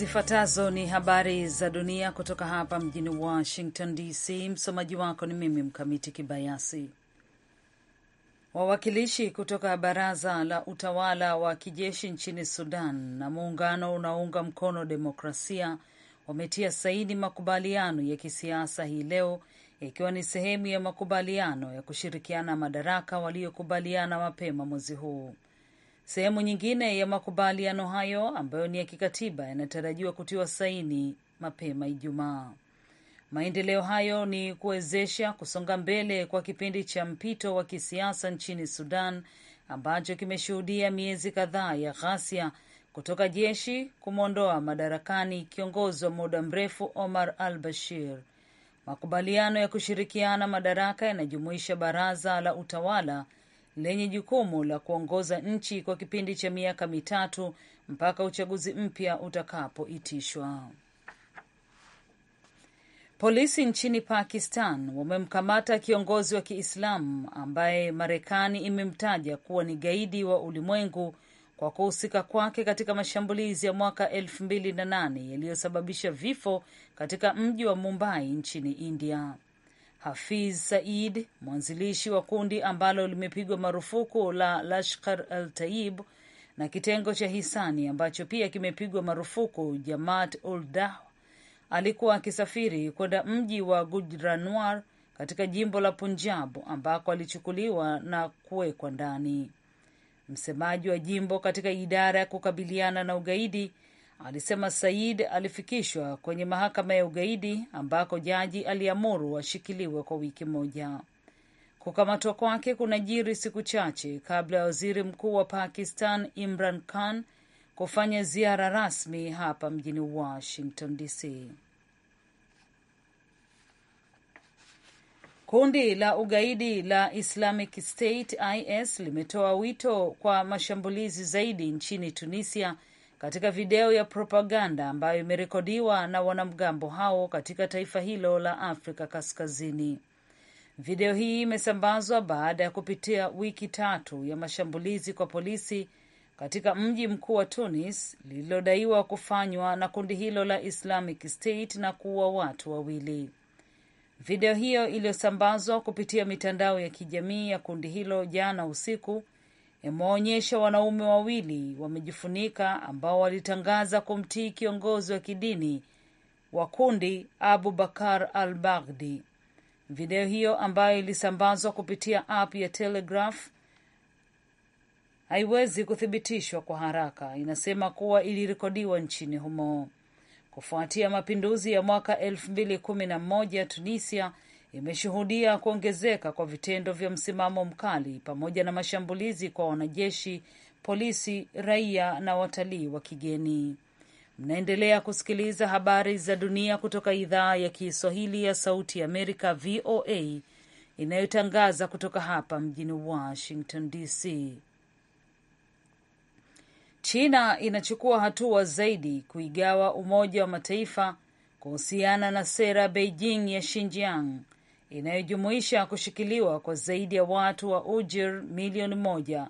Zifuatazo ni habari za dunia kutoka hapa mjini Washington DC. Msomaji wako ni mimi Mkamiti Kibayasi. Wawakilishi kutoka baraza la utawala wa kijeshi nchini Sudan na muungano unaounga mkono demokrasia wametia saini makubaliano ya kisiasa hii leo, ikiwa ni sehemu ya makubaliano ya kushirikiana madaraka waliokubaliana mapema mwezi huu. Sehemu nyingine ya makubaliano hayo ambayo ni ya kikatiba yanatarajiwa kutiwa saini mapema Ijumaa. Maendeleo hayo ni kuwezesha kusonga mbele kwa kipindi cha mpito wa kisiasa nchini Sudan ambacho kimeshuhudia miezi kadhaa ya ghasia kutoka jeshi kumwondoa madarakani kiongozi wa muda mrefu Omar al Bashir. Makubaliano ya kushirikiana madaraka yanajumuisha baraza la utawala lenye jukumu la kuongoza nchi kwa kipindi cha miaka mitatu mpaka uchaguzi mpya utakapoitishwa. Polisi nchini Pakistan wamemkamata kiongozi wa Kiislamu ambaye Marekani imemtaja kuwa ni gaidi wa ulimwengu kwa kuhusika kwake katika mashambulizi ya mwaka elfu yaliyosababisha vifo katika mji wa Mumbai nchini India. Hafiz Said, mwanzilishi wa kundi ambalo limepigwa marufuku la Lashkar al Tayyib na kitengo cha hisani ambacho pia kimepigwa marufuku Jamaat ul alikuwa akisafiri kwenda mji wa Gujranwar katika jimbo la Punjab ambako alichukuliwa na kuwekwa ndani. Msemaji wa jimbo katika idara ya kukabiliana na ugaidi alisema Said alifikishwa kwenye mahakama ya ugaidi ambako jaji aliamuru ashikiliwe kwa wiki moja. Kukamatwa kwake kunajiri siku chache kabla ya waziri mkuu wa Pakistan Imran Khan kufanya ziara rasmi hapa mjini Washington DC. Kundi la ugaidi la Islamic State IS limetoa wito kwa mashambulizi zaidi nchini Tunisia katika video ya propaganda ambayo imerekodiwa na wanamgambo hao katika taifa hilo la Afrika Kaskazini. Video hii imesambazwa baada ya kupitia wiki tatu ya mashambulizi kwa polisi katika mji mkuu wa Tunis lililodaiwa kufanywa na kundi hilo la Islamic State na kuua watu wawili. Video hiyo iliyosambazwa kupitia mitandao ya kijamii ya kundi hilo jana usiku yamewaonyesha wanaume wawili wamejifunika ambao walitangaza kumtii kiongozi wa kidini wa kundi Abu Bakar al Baghdi. Video hiyo ambayo ilisambazwa kupitia app ya Telegraph haiwezi kuthibitishwa kwa haraka, inasema kuwa ilirekodiwa nchini humo kufuatia mapinduzi ya mwaka moja Tunisia imeshuhudia kuongezeka kwa vitendo vya msimamo mkali pamoja na mashambulizi kwa wanajeshi, polisi, raia na watalii wa kigeni. Mnaendelea kusikiliza habari za dunia kutoka idhaa ya Kiswahili ya Sauti ya Amerika, VOA, inayotangaza kutoka hapa mjini Washington DC. China inachukua hatua zaidi kuigawa Umoja wa Mataifa kuhusiana na sera Beijing ya Xinjiang inayojumuisha kushikiliwa kwa zaidi ya watu wa Ujir milioni moja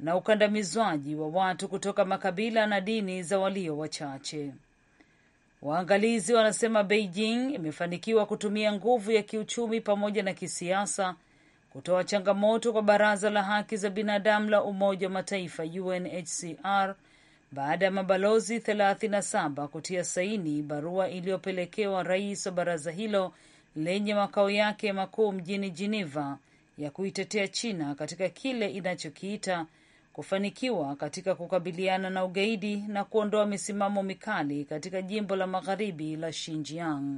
na ukandamizwaji wa watu kutoka makabila na dini za walio wachache. Waangalizi wanasema Beijing imefanikiwa kutumia nguvu ya kiuchumi pamoja na kisiasa kutoa changamoto kwa Baraza la Haki za Binadamu la Umoja wa Mataifa UNHCR baada ya mabalozi 37 kutia saini barua iliyopelekewa rais wa baraza hilo lenye makao yake makuu mjini Geneva ya kuitetea China katika kile inachokiita kufanikiwa katika kukabiliana na ugaidi na kuondoa misimamo mikali katika jimbo la magharibi la Xinjiang.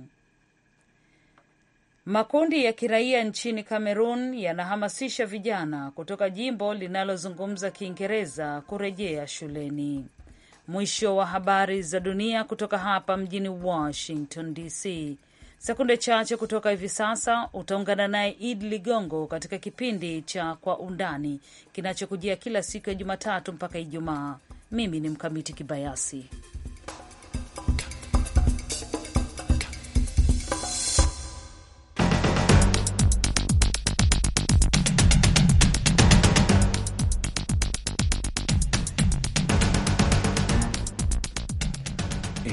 Makundi ya kiraia nchini Kamerun yanahamasisha vijana kutoka jimbo linalozungumza Kiingereza kurejea shuleni. Mwisho wa habari za dunia kutoka hapa mjini Washington DC. Sekunde chache kutoka hivi sasa utaungana naye Id Ligongo katika kipindi cha Kwa Undani kinachokujia kila siku ya Jumatatu mpaka Ijumaa. Mimi ni Mkamiti Kibayasi.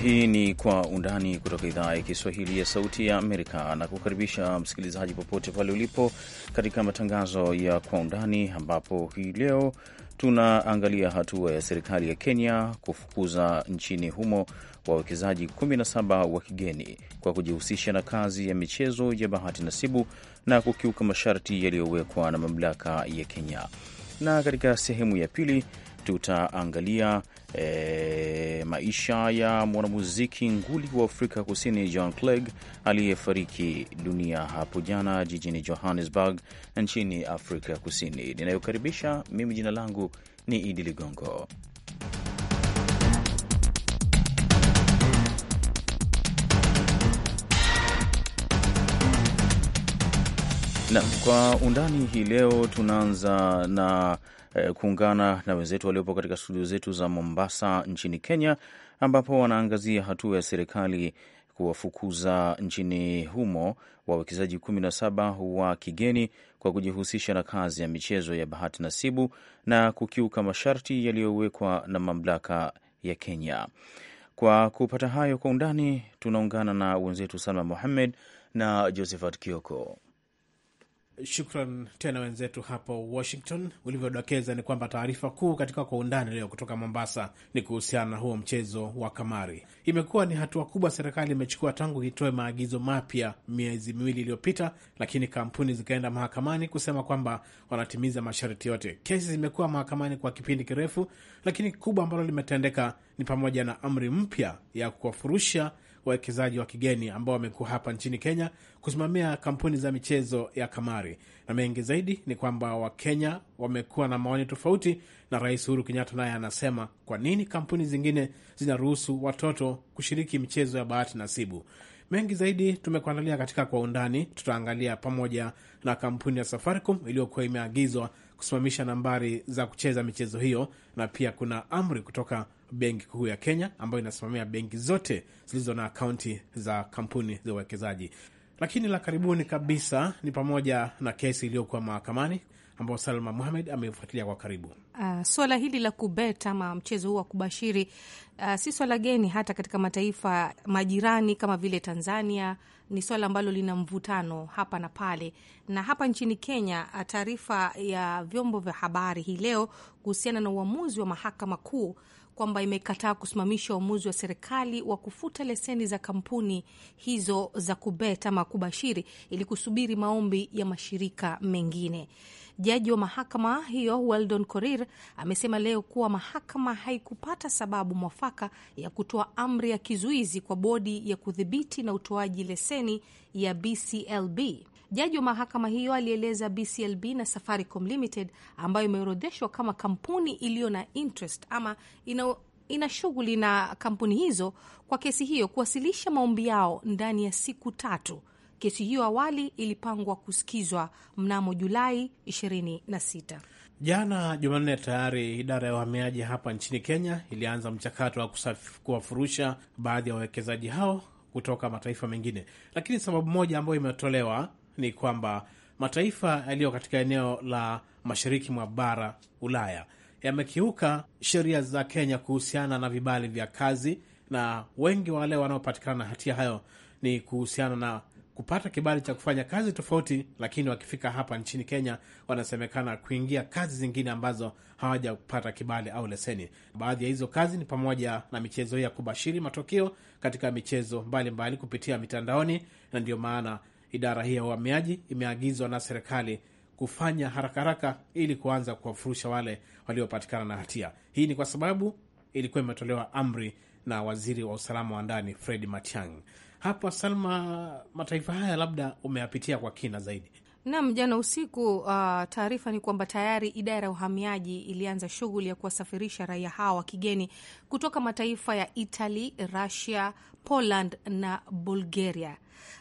Hii ni Kwa Undani kutoka idhaa ya Kiswahili ya Sauti ya Amerika, na kukaribisha msikilizaji popote pale ulipo katika matangazo ya Kwa Undani, ambapo hii leo tunaangalia hatua ya serikali ya Kenya kufukuza nchini humo wawekezaji 17 wa kigeni kwa kujihusisha na kazi ya michezo ya bahati nasibu na kukiuka masharti yaliyowekwa na mamlaka ya Kenya, na katika sehemu ya pili tutaangalia e, maisha ya mwanamuziki nguli wa Afrika Kusini John Clegg aliyefariki dunia hapo jana jijini Johannesburg nchini Afrika Kusini. Ninayokaribisha mimi, jina langu ni Idi Ligongo. Na kwa undani hii leo tunaanza na eh, kuungana na wenzetu waliopo katika studio zetu za Mombasa nchini Kenya, ambapo wanaangazia hatua ya serikali kuwafukuza nchini humo wawekezaji kumi na saba wa kigeni kwa kujihusisha na kazi ya michezo ya bahati nasibu na kukiuka masharti yaliyowekwa na mamlaka ya Kenya. Kwa kupata hayo kwa undani, tunaungana na wenzetu Salma muhamed na Josephat Kioko. Shukran tena wenzetu hapo Washington. Ulivyodokeza ni kwamba taarifa kuu katika Kwa Undani leo kutoka Mombasa ni kuhusiana na huo mchezo wa kamari. Imekuwa ni hatua kubwa serikali imechukua tangu itoe maagizo mapya miezi miwili iliyopita, lakini kampuni zikaenda mahakamani kusema kwamba wanatimiza masharti yote. Kesi zimekuwa mahakamani kwa kipindi kirefu, lakini kubwa ambalo limetendeka ni pamoja na amri mpya ya kuwafurusha wawekezaji wa kigeni ambao wamekuwa hapa nchini Kenya kusimamia kampuni za michezo ya kamari, na mengi zaidi ni kwamba Wakenya wamekuwa na maoni tofauti, na Rais Uhuru Kenyatta naye anasema kwa nini kampuni zingine zinaruhusu watoto kushiriki michezo ya bahati nasibu. Mengi zaidi tumekuandalia katika Kwa Undani. Tutaangalia pamoja na kampuni ya Safaricom iliyokuwa imeagizwa kusimamisha nambari za kucheza michezo hiyo, na pia kuna amri kutoka benki kuu ya Kenya ambayo inasimamia benki zote zilizo na akaunti za kampuni za uwekezaji. Lakini la karibuni kabisa ni pamoja na kesi iliyokuwa mahakamani ambayo Salma Muhamed amefuatilia kwa karibu. Uh, swala hili la kubet ama mchezo huu wa kubashiri uh, si swala geni hata katika mataifa majirani kama vile Tanzania. Ni swala ambalo lina mvutano hapa na pale, na hapa nchini Kenya, ah, taarifa ya vyombo vya habari hii leo kuhusiana na uamuzi wa mahakama kuu kwamba imekataa kusimamisha uamuzi wa serikali wa kufuta leseni za kampuni hizo za kubet ama kubashiri ili kusubiri maombi ya mashirika mengine. Jaji wa mahakama hiyo Weldon Korir amesema leo kuwa mahakama haikupata sababu mwafaka ya kutoa amri ya kizuizi kwa bodi ya kudhibiti na utoaji leseni ya BCLB. Jaji wa mahakama hiyo alieleza BCLB na Safaricom Limited ambayo imeorodheshwa kama kampuni iliyo na interest ama ina ina shughuli na kampuni hizo kwa kesi hiyo kuwasilisha maombi yao ndani ya siku tatu. Kesi hiyo awali ilipangwa kusikizwa mnamo Julai 26. Jana Jumanne, tayari idara ya uhamiaji hapa nchini Kenya ilianza mchakato wa kuwafurusha baadhi ya wawekezaji hao kutoka mataifa mengine, lakini sababu moja ambayo imetolewa ni kwamba mataifa yaliyo katika eneo la mashariki mwa bara Ulaya yamekiuka sheria za Kenya kuhusiana na vibali vya kazi, na wengi wale wanaopatikana na hatia hayo ni kuhusiana na kupata kibali cha kufanya kazi tofauti, lakini wakifika hapa nchini Kenya wanasemekana kuingia kazi zingine ambazo hawajapata kibali au leseni. Baadhi ya hizo kazi ni pamoja na michezo hii ya kubashiri matokeo katika michezo mbalimbali mbali kupitia mitandaoni, na ndiyo maana Idara hii ya uhamiaji imeagizwa na serikali kufanya haraka haraka ili kuanza kuwafurusha wale waliopatikana na hatia. Hii ni kwa sababu ilikuwa imetolewa amri na waziri wa usalama wa ndani Fred Matiang'i. Hapa Salma, mataifa haya labda umeyapitia kwa kina zaidi. Nam, jana usiku uh, taarifa ni kwamba tayari idara ya uhamiaji ilianza shughuli ya kuwasafirisha raia hawa wa kigeni kutoka mataifa ya Italy, Russia, Poland na Bulgaria.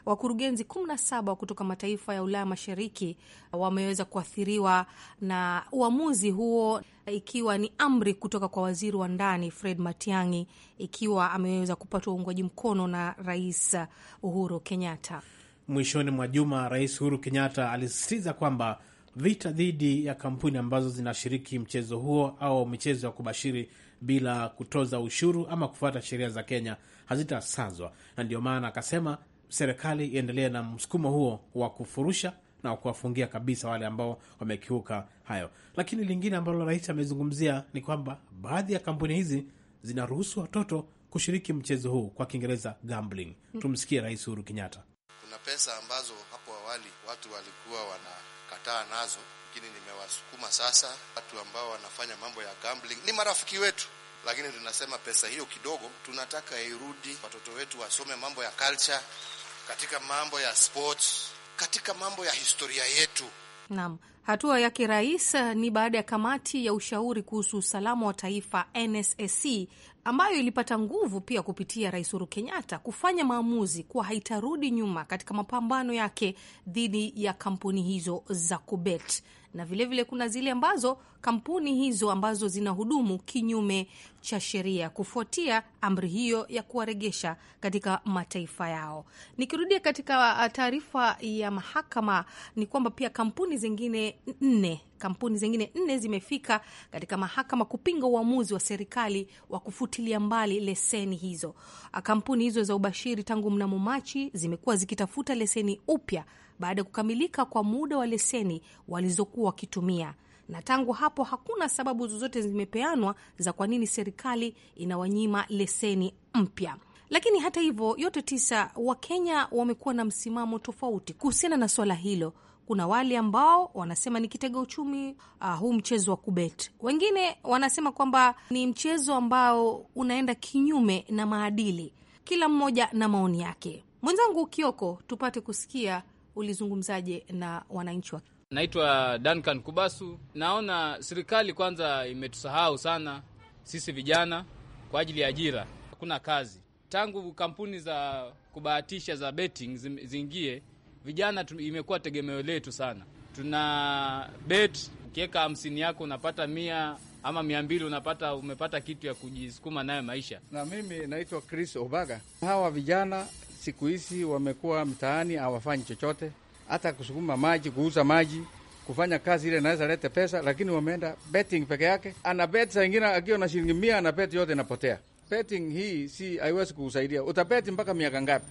Wakurugenzi 17 kutoka mataifa ya Ulaya Mashariki wameweza kuathiriwa na uamuzi huo, ikiwa ni amri kutoka kwa waziri wa ndani Fred Matiang'i, ikiwa ameweza kupata uungwaji mkono na Rais Uhuru Kenyatta. Mwishoni mwa juma, Rais Uhuru Kenyatta alisisitiza kwamba vita dhidi ya kampuni ambazo zinashiriki mchezo huo au michezo ya kubashiri bila kutoza ushuru ama kufuata sheria za Kenya hazitasazwa, na ndio maana akasema serikali iendelee na msukumo huo wa kufurusha na kuwafungia kabisa wale ambao wamekiuka hayo. Lakini lingine ambalo rais amezungumzia ni kwamba baadhi ya kampuni hizi zinaruhusu watoto kushiriki mchezo huu, kwa Kiingereza gambling. Mm. Tumsikie Rais Uhuru Kenyatta. Kuna pesa ambazo hapo awali watu walikuwa wanakataa nazo, lakini nimewasukuma sasa. Watu ambao wanafanya mambo ya gambling ni marafiki wetu, lakini tunasema pesa hiyo kidogo tunataka irudi, watoto wetu wasome mambo ya culture, katika mambo ya sports, katika mambo ya historia yetu. Naam. Hatua ya kirais ni baada ya kamati ya ushauri kuhusu usalama wa taifa NSSC ambayo ilipata nguvu pia kupitia Rais Uhuru Kenyatta kufanya maamuzi kuwa haitarudi nyuma katika mapambano yake dhidi ya kampuni hizo za kubet na vilevile vile kuna zile ambazo kampuni hizo ambazo zinahudumu kinyume cha sheria kufuatia amri hiyo ya kuwaregesha katika mataifa yao. Nikirudia katika ah, taarifa ya mahakama, ni kwamba pia kampuni zingine nne kampuni zingine nne zimefika katika mahakama kupinga uamuzi wa serikali wa kufutilia mbali leseni hizo. Kampuni hizo za ubashiri tangu mnamo Machi zimekuwa zikitafuta leseni upya baada ya kukamilika kwa muda wa leseni walizokuwa wakitumia na tangu hapo hakuna sababu zozote zimepeanwa za kwa nini serikali inawanyima leseni mpya. Lakini hata hivyo, yote tisa, Wakenya wamekuwa na msimamo tofauti kuhusiana na swala hilo kuna wale ambao wanasema ni kitega uchumi uh, huu mchezo wa kubet. Wengine wanasema kwamba ni mchezo ambao unaenda kinyume na maadili. Kila mmoja na maoni yake. Mwenzangu Kioko, tupate kusikia ulizungumzaje na wananchi wa Naitwa Duncan Kubasu. Naona serikali kwanza imetusahau sana sisi vijana kwa ajili ya ajira. Hakuna kazi tangu kampuni za kubahatisha za betting ziingie, Vijana imekuwa tegemeo letu sana, tuna bet. Ukiweka hamsini yako unapata mia ama mia mbili unapata umepata kitu ya kujisukuma nayo maisha. Na mimi naitwa Chris Obaga. Hawa vijana siku hizi wamekuwa mtaani, hawafanyi chochote, hata kusukuma maji, kuuza maji kufanya kazi ile naweza lete pesa, lakini wameenda betting peke yake. Ana bet saa ingine akiwa na shilingi mia, ana bet yote inapotea. Betting hii si haiwezi kukusaidia. Utabeti mpaka miaka ngapi?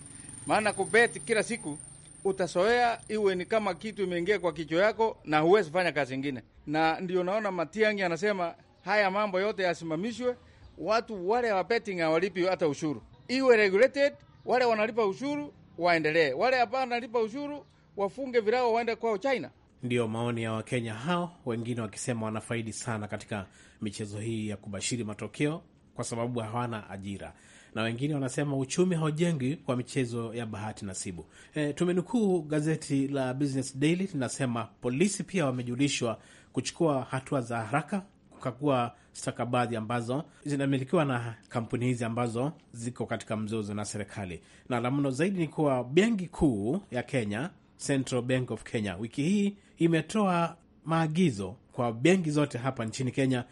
Maana kubeti kila siku utasoea, iwe ni kama kitu imeingia kwa kichwa yako na huwezi fanya kazi ingine. Na ndio naona Matiang'i anasema haya mambo yote yasimamishwe, watu wale wa betting hawalipi hata ushuru, iwe regulated. Wale wanalipa ushuru waendelee, wale hapa wanalipa ushuru wafunge virao waende kwao China. ndio maoni ya Wakenya hao, wengine wakisema wanafaidi sana katika michezo hii ya kubashiri matokeo kwa sababu hawana ajira, na wengine wanasema uchumi haujengwi kwa michezo ya bahati nasibu. E, tumenukuu gazeti la Business Daily linasema polisi pia wamejulishwa kuchukua hatua za haraka kukagua stakabadhi ambazo zinamilikiwa na kampuni hizi ambazo ziko katika mzozo na serikali. Na la mno zaidi ni kuwa benki kuu ya Kenya, Central Bank of Kenya, wiki hii imetoa maagizo kwa benki zote hapa nchini Kenya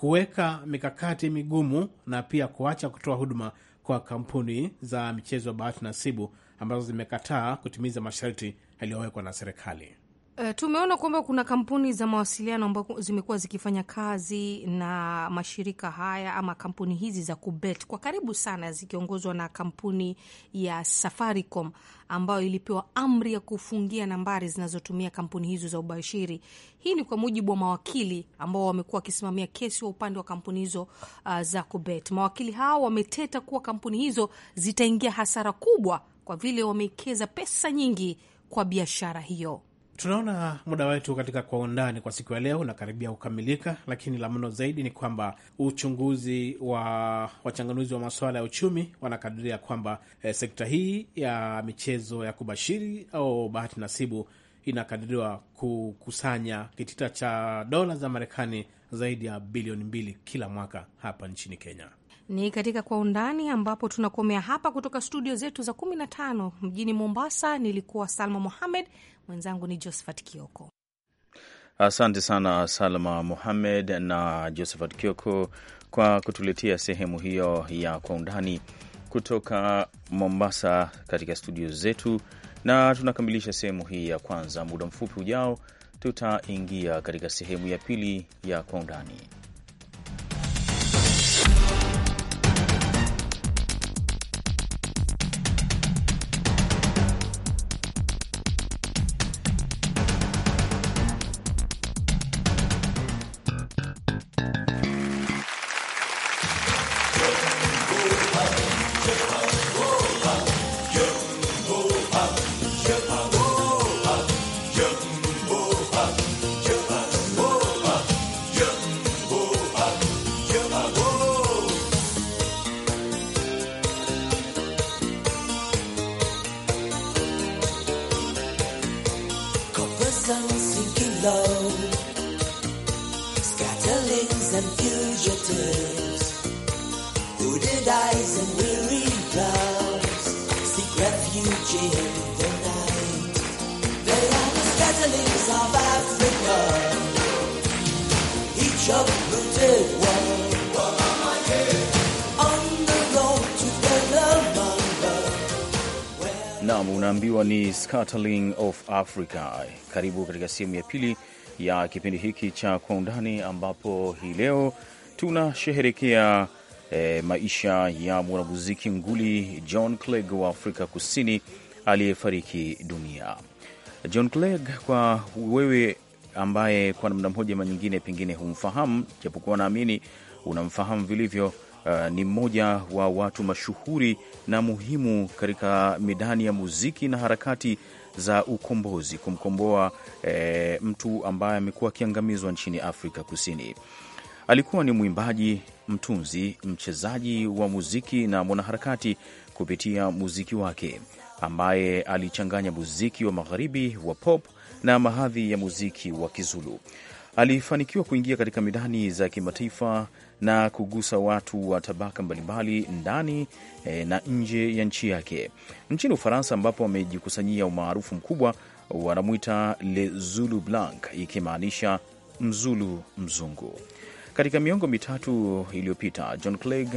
kuweka mikakati migumu na pia kuacha kutoa huduma kwa kampuni za michezo ya bahati nasibu ambazo zimekataa kutimiza masharti yaliyowekwa na serikali. Uh, tumeona kwamba kuna kampuni za mawasiliano ambazo zimekuwa zikifanya kazi na mashirika haya ama kampuni hizi za kubet kwa karibu sana, zikiongozwa na kampuni ya Safaricom ambayo ilipewa amri ya kufungia nambari zinazotumia kampuni hizo za ubashiri. Hii ni kwa mujibu wa mawakili ambao wamekuwa wakisimamia kesi wa upande wa kampuni hizo uh, za kubet. Mawakili hao wameteta kuwa kampuni hizo zitaingia hasara kubwa kwa vile wameekeza pesa nyingi kwa biashara hiyo. Tunaona muda wetu katika Kwa Undani kwa siku ya leo unakaribia kukamilika, lakini la mno zaidi ni kwamba uchunguzi wa wachanganuzi wa masuala ya uchumi wanakadiria kwamba eh, sekta hii ya michezo ya kubashiri au bahati nasibu inakadiriwa kukusanya kitita cha dola za Marekani zaidi ya bilioni mbili kila mwaka hapa nchini Kenya. Ni katika Kwa Undani ambapo tunakomea hapa kutoka studio zetu za 15 mjini Mombasa. Nilikuwa Salma Mohamed, Mwenzangu ni Josephat Kioko. Asante sana Salma muhamed na Josephat Kioko kwa kutuletea sehemu hiyo ya Kwa Undani kutoka Mombasa katika studio zetu, na tunakamilisha sehemu hii ya kwanza. Muda mfupi ujao, tutaingia katika sehemu ya pili ya Kwa Undani. Naam, unaambiwa ni Scatterling of Africa. Karibu katika sehemu ya pili ya kipindi hiki cha Kwa Undani, ambapo hii leo tunasherehekea e, maisha ya mwanamuziki nguli John Clegg wa Afrika Kusini aliyefariki dunia. John Clegg, kwa wewe ambaye kwa namna moja ama nyingine pengine humfahamu, japokuwa naamini unamfahamu vilivyo, uh, ni mmoja wa watu mashuhuri na muhimu katika midani ya muziki na harakati za ukombozi kumkomboa e, mtu ambaye amekuwa akiangamizwa nchini Afrika Kusini. Alikuwa ni mwimbaji, mtunzi, mchezaji wa muziki na mwanaharakati kupitia muziki wake ambaye alichanganya muziki wa magharibi wa pop na mahadhi ya muziki wa Kizulu. Alifanikiwa kuingia katika midani za kimataifa na kugusa watu wa tabaka mbalimbali ndani e, na nje ya nchi yake. Nchini Ufaransa ambapo amejikusanyia umaarufu mkubwa, wanamwita Le Zulu Blanc, ikimaanisha mzulu mzungu. Katika miongo mitatu iliyopita, John Clegg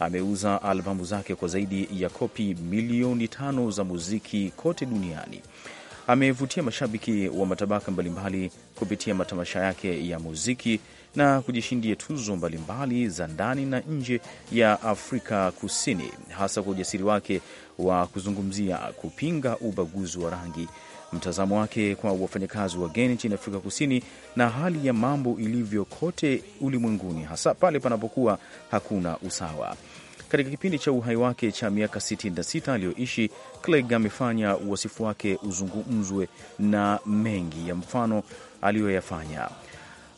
ameuza albamu zake kwa zaidi ya kopi milioni tano za muziki kote duniani. Amevutia mashabiki wa matabaka mbalimbali kupitia matamasha yake ya muziki na kujishindia tuzo mbalimbali za ndani na nje ya Afrika Kusini, hasa kwa ujasiri wake wa kuzungumzia kupinga ubaguzi wa rangi mtazamo wake kwa wafanyakazi wageni nchini Afrika Kusini na hali ya mambo ilivyo kote ulimwenguni, hasa pale panapokuwa hakuna usawa. Katika kipindi cha uhai wake cha miaka 66 aliyoishi, Clegg amefanya uwasifu wake uzungumzwe na mengi ya mfano aliyoyafanya.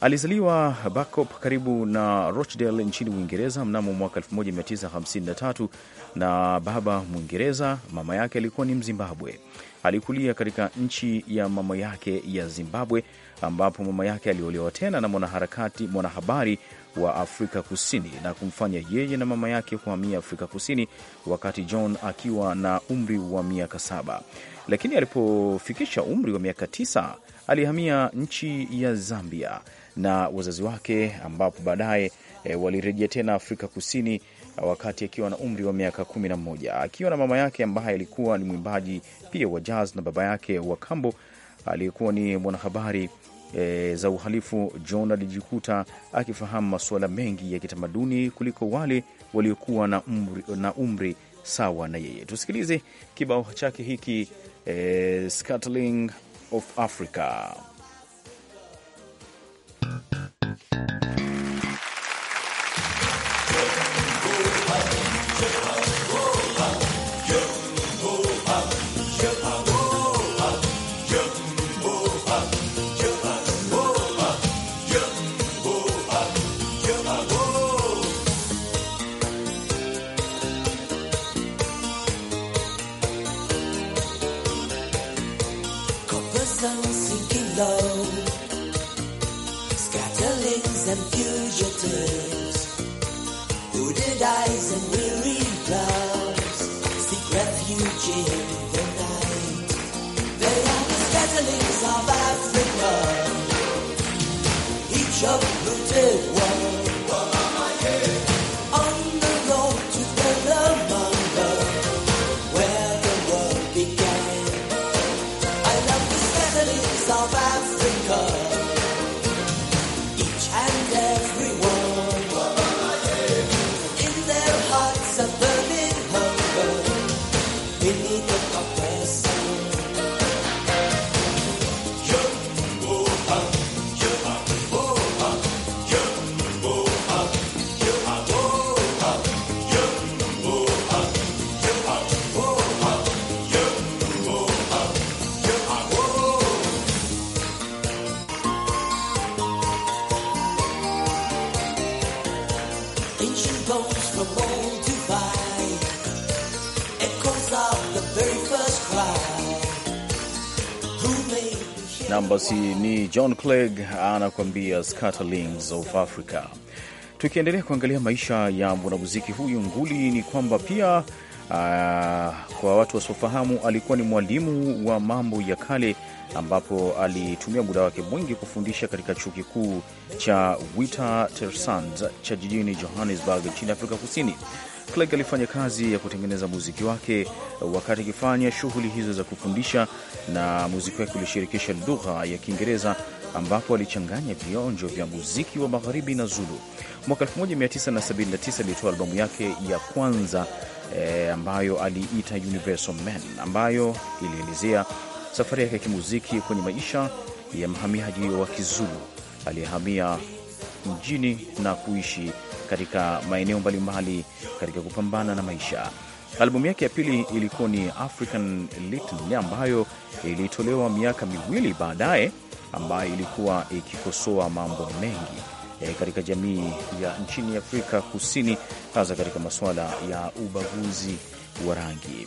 Alizaliwa Bakop karibu na Rochdale nchini Uingereza mnamo mwaka 1953 na baba Mwingereza, mama yake alikuwa ni Mzimbabwe. Alikulia katika nchi ya mama yake ya Zimbabwe, ambapo mama yake aliolewa tena na mwanaharakati mwanahabari wa Afrika Kusini na kumfanya yeye na mama yake kuhamia Afrika Kusini wakati John akiwa na umri wa miaka saba, lakini alipofikisha umri wa miaka tisa alihamia nchi ya Zambia na wazazi wake, ambapo baadaye e, walirejea tena Afrika Kusini wakati akiwa na umri wa miaka kumi na moja akiwa na mama yake ambaye alikuwa ni mwimbaji pia wa jazz na baba yake wa kambo aliyekuwa ni mwanahabari e, za uhalifu. John alijikuta akifahamu masuala mengi ya kitamaduni kuliko wale waliokuwa na umri, na umri sawa na yeye. Tusikilize kibao chake hiki e, eh, Scatling of Africa. Nam, basi ni John Clegg anakuambia Scatterlings of Africa. Tukiendelea kuangalia maisha ya mwanamuziki huyu nguli, ni kwamba pia uh, kwa watu wasiofahamu, alikuwa ni mwalimu wa mambo ya kale, ambapo alitumia muda wake mwingi kufundisha katika chuo kikuu cha Witwatersrand cha jijini Johannesburg nchini Afrika Kusini. Clegg alifanya kazi ya kutengeneza muziki wake wakati akifanya shughuli hizo za kufundisha, na muziki wake ulishirikisha lugha ya Kiingereza ambapo alichanganya vionjo vya muziki wa magharibi na Zulu. Mwaka 1979 alitoa albamu yake ya kwanza e, ambayo aliita Universal Man, ambayo ilielezea safari yake ya kimuziki kwenye maisha ya mhamiaji wa Kizulu aliyehamia mjini na kuishi katika maeneo mbalimbali katika kupambana na maisha. Albamu yake ya pili ilikuwa ni African Litany ambayo ilitolewa miaka miwili baadaye, ambayo ilikuwa ikikosoa mambo mengi e, katika jamii ya nchini Afrika Kusini, hasa katika masuala ya ubaguzi wa rangi.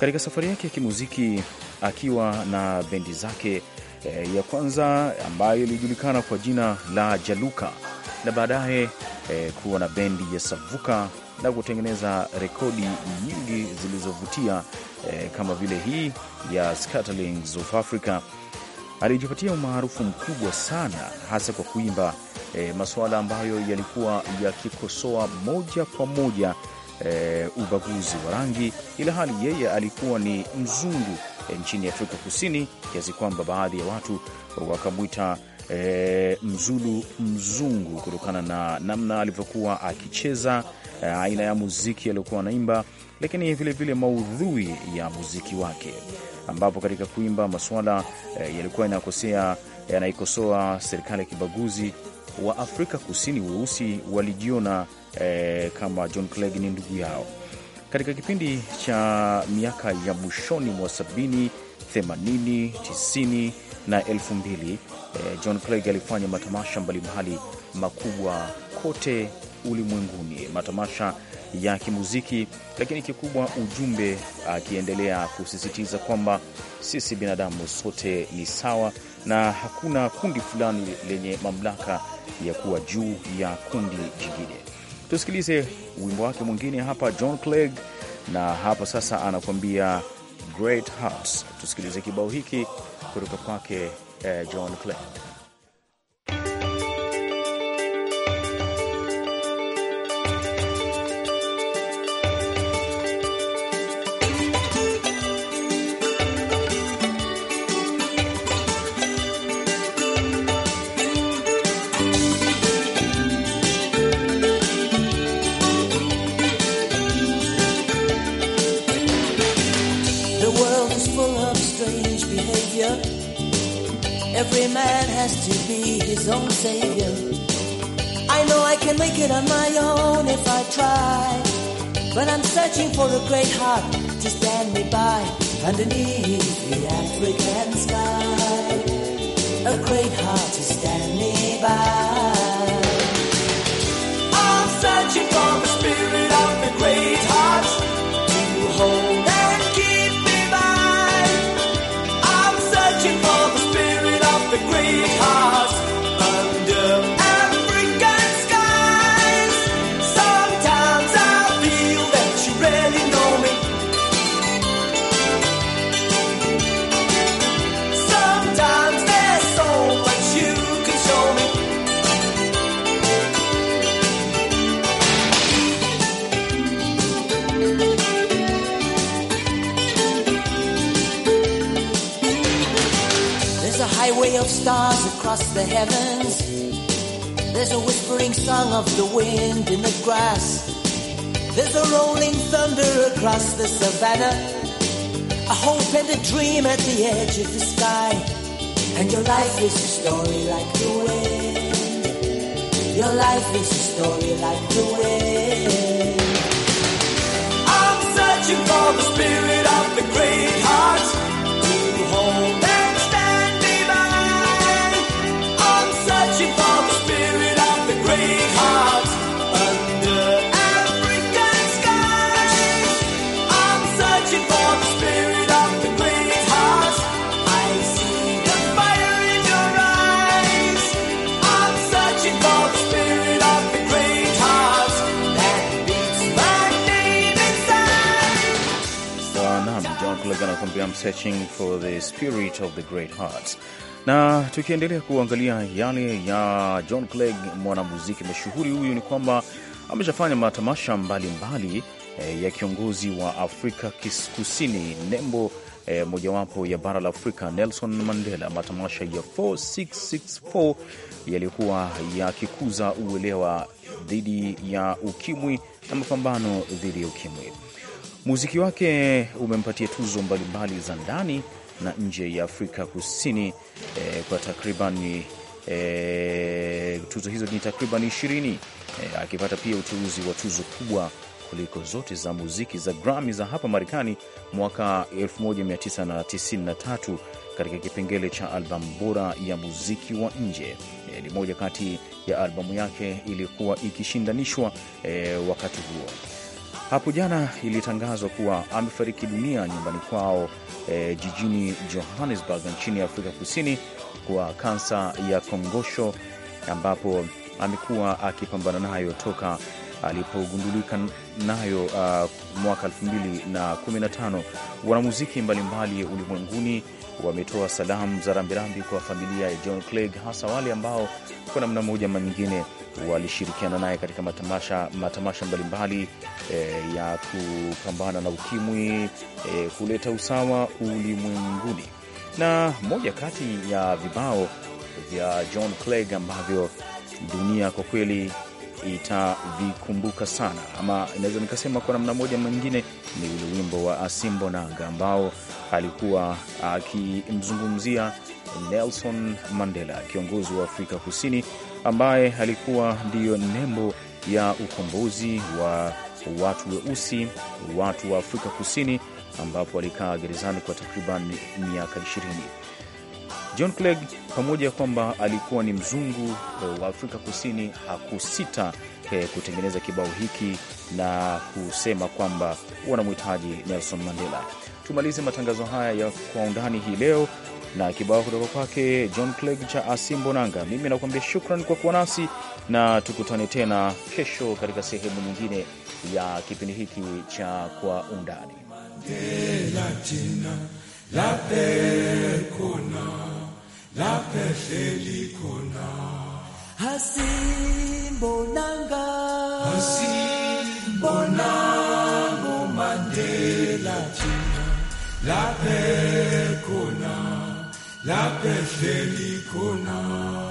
Katika safari yake ya kimuziki akiwa na bendi zake e, ya kwanza ambayo ilijulikana kwa jina la Jaluka na baadaye e, kuwa na bendi ya Savuka na kutengeneza rekodi nyingi zilizovutia e, kama vile hii ya Scatterlings of Africa. Alijipatia umaarufu mkubwa sana hasa kwa kuimba e, masuala ambayo yalikuwa yakikosoa moja kwa moja e, ubaguzi wa rangi, ila hali yeye alikuwa ni mzungu e, nchini Afrika Kusini, kiasi kwamba baadhi ya watu wakamwita e, Mzulu mzungu kutokana na namna alivyokuwa akicheza, aina ya muziki aliyokuwa anaimba, lakini vilevile maudhui ya muziki wake, ambapo katika kuimba masuala e, yalikuwa yanakosea yanaikosoa serikali ya kibaguzi. Wa Afrika Kusini weusi walijiona eh, kama John Clegg ni ndugu yao. Katika kipindi cha miaka ya mwishoni mwa sabini, themanini, tisini na elfu mbili eh, John Clegg alifanya matamasha mbalimbali makubwa kote ulimwenguni, matamasha ya kimuziki, lakini kikubwa ujumbe akiendelea kusisitiza kwamba sisi binadamu sote ni sawa na hakuna kundi fulani lenye mamlaka ya kuwa juu ya kundi jingine. Tusikilize wimbo wake mwingine hapa, John Clegg, na hapa sasa anakuambia Great Hearts. Tusikilize kibao hiki kutoka kwake eh, John Clegg. make it on my own if I try. But I'm searching for a great heart to stand me by underneath the African sky. A great heart to stand. across the heavens. There's a whispering song of the wind in the grass. There's a rolling thunder across the savannah. A hope and a dream at the edge of the sky. And your life is a story like the wind. Your life is a story like the wind. I'm searching for the spirit. Searching for the Spirit of the Great Hearts. Na tukiendelea kuangalia yale ya John Clegg, mwanamuziki mashuhuri huyu, ni kwamba ameshafanya matamasha mbalimbali mbali, eh, e, ya kiongozi wa Afrika Kusini nembo e, mojawapo ya bara la Afrika Nelson Mandela, matamasha ya 4664 yaliyokuwa yakikuza uelewa dhidi ya ukimwi na mapambano dhidi ya ukimwi. Muziki wake umempatia tuzo mbalimbali za ndani na nje ya Afrika Kusini eh, kwa takriban eh, tuzo hizo ni takriban ishirini eh, akipata pia uteuzi wa tuzo kubwa kuliko zote za muziki za Grammy za hapa Marekani mwaka 1993 katika kipengele cha albamu bora ya muziki wa nje. E, ni moja kati ya albamu yake ilikuwa ikishindanishwa e, wakati huo. Hapo jana ilitangazwa kuwa amefariki dunia nyumbani kwao e, jijini Johannesburg nchini Afrika Kusini kwa kansa ya kongosho ambapo amekuwa akipambana nayo toka alipogundulika nayo uh, mwaka 2015. Wanamuziki mbalimbali ulimwenguni wametoa salamu za rambirambi kwa familia ya John Clegg, hasa wale ambao kwa namna moja ama nyingine walishirikiana naye katika matamasha, matamasha mbalimbali e, ya kupambana na ukimwi e, kuleta usawa ulimwenguni. Na moja kati ya vibao vya John Clegg ambavyo dunia kwa kweli itavikumbuka sana, ama inaweza nikasema kwa namna moja mwingine ni ule wimbo wa Asimbo Nanga ambao alikuwa akimzungumzia Nelson Mandela, kiongozi wa Afrika Kusini ambaye alikuwa ndiyo nembo ya ukombozi wa watu weusi, watu wa Afrika Kusini, ambapo alikaa gerezani kwa takriban miaka ishirini. John Clegg, pamoja kwamba alikuwa ni mzungu eh, wa Afrika Kusini, hakusita eh, kutengeneza kibao hiki na kusema kwamba wanamhitaji Nelson Mandela. Tumalize matangazo haya ya kwa undani hii leo na kibao kutoka kwake John Clegg cha Asimbonanga. Mimi nakuambia shukran kwa kuwa nasi na tukutane tena kesho katika sehemu nyingine ya kipindi hiki cha Kwa Undani. laphe hleli khona asimbonanga asimbonanga umandela thina laphe khona laphe hleli khona